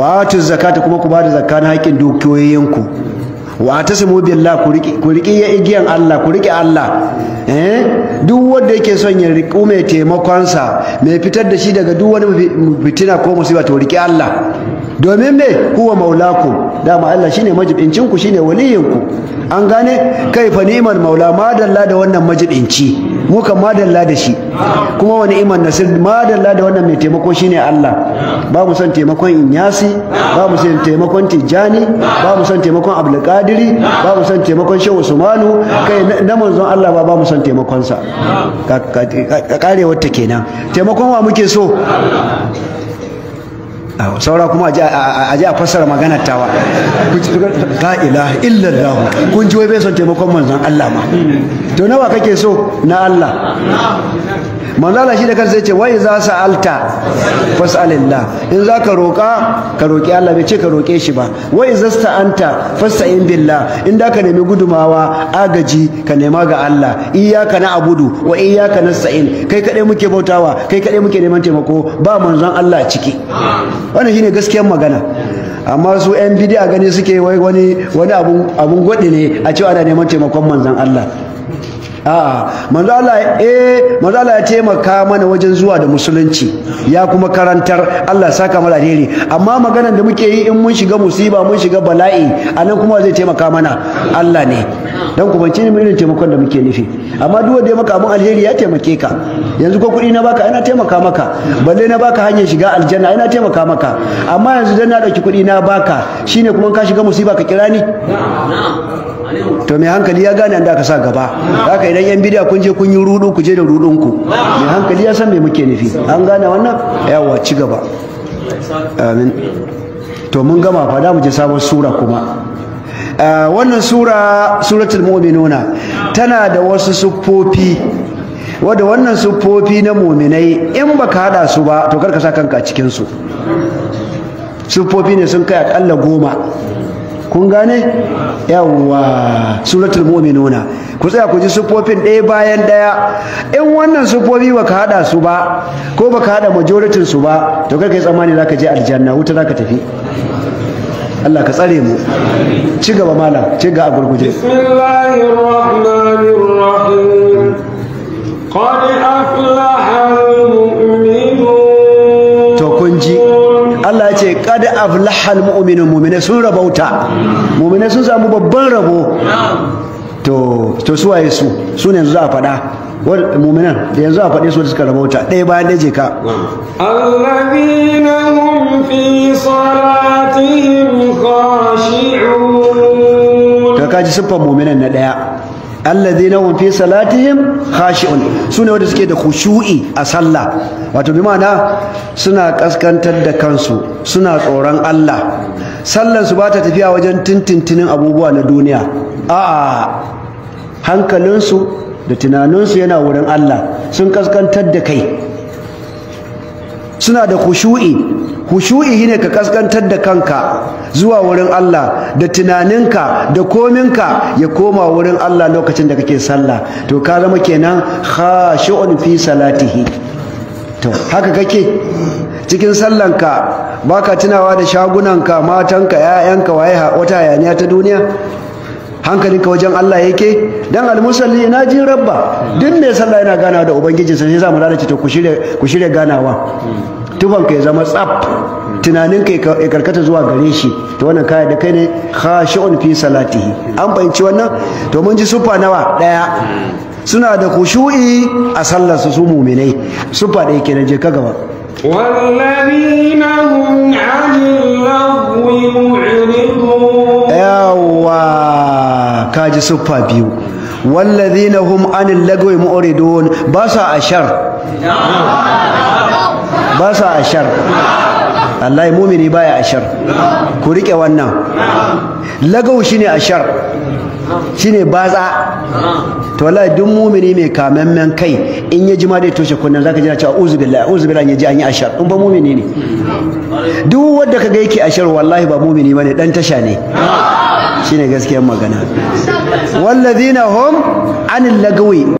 wa zakata kuma ku ba da zakka na haƙin dukiyoyinku wa tasimu billah ku riki ku riki ya igiyan Allah ku riƙe Allah eh duk wanda yake son ya riku mai sa mai fitar da shi daga duk wani fitina ko musiba to riki Allah domin me huwa da dama Allah shine majibincin ku shine waliyin ku an gane kai ni'mal maula madalla da wannan majibinci mu kan madalla da shi kuma wani iman nasir madalla da wannan mai taimako shine Allah ba mu son taimakon inyasi ba mu son taimakon tijjani ba mu son taimakon abdulkadiri ba mu son taimakon shehu usmanu kai na manzon Allah ba ba mu son taimakon sa karewar ta kenan taimakon wa muke so saura kuma a ji a fassara maganar tawa la ilaha illallah kun ji wai bai son taimakon manzon Allah ma to nawa kake so na Allah manzala shi da kansa ya ce wai za sa alta fas'alillah in za ka roƙa ka roƙi Allah bai ce ka roƙe shi ba wai za anta fasta'in billah in da ka nemi gudumawa agaji ka nema ga Allah iyyaka gudu wa iyyaka sa'in kai kaɗai muke bautawa kai kaɗai muke neman taimako ba manzon Allah ciki wannan shine gaskiyar magana amma su yan a gani suke wai wani wani abun abun gwadi ne a cewa ana neman taimakon manzon Allah a'a manzo Allah eh manzo Allah ya taimaka mana wajen zuwa da musulunci ya kuma karantar Allah saka mana alheri amma maganar da muke yi in mun shiga musiba mun shiga bala'i anan kuma zai taimaka mana Allah ne dan kuma cin irin taimakon da muke nufi amma duk wanda ya maka mun alheri ya taimake ka yanzu ko kuɗi na baka ina taimaka maka balle na baka hanyar shiga aljanna ina taimaka maka amma yanzu dan na dauki kuɗi na baka shine kuma ka shiga musiba ka kira ni to mai hankali ya gane da aka sa gaba haka idan yan bidiya kun je kun yi rudu ku je da rudun ku mai hankali ya san me muke nufi an gane wannan yawa ci gaba amin to mun gama fa da mu je sabon sura kuma eh, wannan sura suratul mu'minuna tana da wasu siffofi wadda wannan siffofi na mu'minai in baka hada su ba to karka sa kanka a cikin su siffofi ne sun kai akalla goma kun gane yawwa suratul mu'minuna ku tsaya ku ji sufofin ɗaya bayan ɗaya in wannan sufofi ka haɗa su ba ko baka hada majoritin su ba to kai kai tsammani zaka je aljanna wuta za ka tafi Allah ka tsare mu ci gaba malam ci ga a gurguje bismillahir qad aflaha almu'minu mu'mina sun rabauta sun samu babban rabo to to su waye su su ne yanzu za a faɗa mu'minan da yanzu a faɗe su da suka rabauta ɗaya bayan ɗaya je ka alladhina hum fi salatihim khashi'un ka kaji siffar mu'minan na ɗaya Allah hum fi salatihim khashi'un sune wanda suke da khushu'i a sallah wato bi ma'ana suna kaskantar da kansu suna tsoron Allah sallar su ba ta tafiya wajen tintintinin abubuwa na duniya a'a hankalinsu da tunaninsu yana wurin Allah sun kaskantar da kai suna da khushu'i hushu'i ne ka kaskantar da kanka zuwa wurin Allah da tunaninka da kominka ya koma wurin Allah lokacin da kake sallah to ka zama kenan khashu'un fi salatihi to haka kake cikin sallanka baka tunawa da shagunanka matanka 'ya'yanka waye wata hayaniya ta duniya hankalinka wajen Allah yake dan almusalli na ji rabba duk mai sallah yana ganawa da ubangijinsa sai za mu lalace to ku shirya ganawa tufanka ya zama tsaf tunaninka ya karkata zuwa gare shi to wannan kaya da kai ne khashi'un fi salatihi an fahimci wannan to mun ji sufa nawa daya suna da khushu'i a sallar su su mu'minai sufa da yake na je ka gaba والذين هم عن اللغو معرضون يوا كاجي سوبا بيو والذين هم عن اللغو معرضون باسا اشر ba sa ashar wallahi mumini baya ashar ku riƙe wannan lagau shine ashar shine batsa to wallahi duk mumini mai kamammen kai in ya jima dai toshe kunnen zaka jira cewa uzu billahi uzu billahi yaji an yi ashar in ba mumini ne duk wanda ka kaga yake ashar wallahi ba mumini bane dan tasha ne shine gaskiyar magana wallazina hum anil lagawi